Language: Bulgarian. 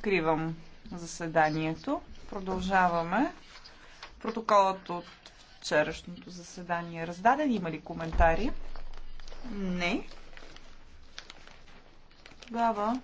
Откривам заседанието. Продължаваме. Протоколът от вчерашното заседание е раздаден. Има ли коментари? Не. Тогава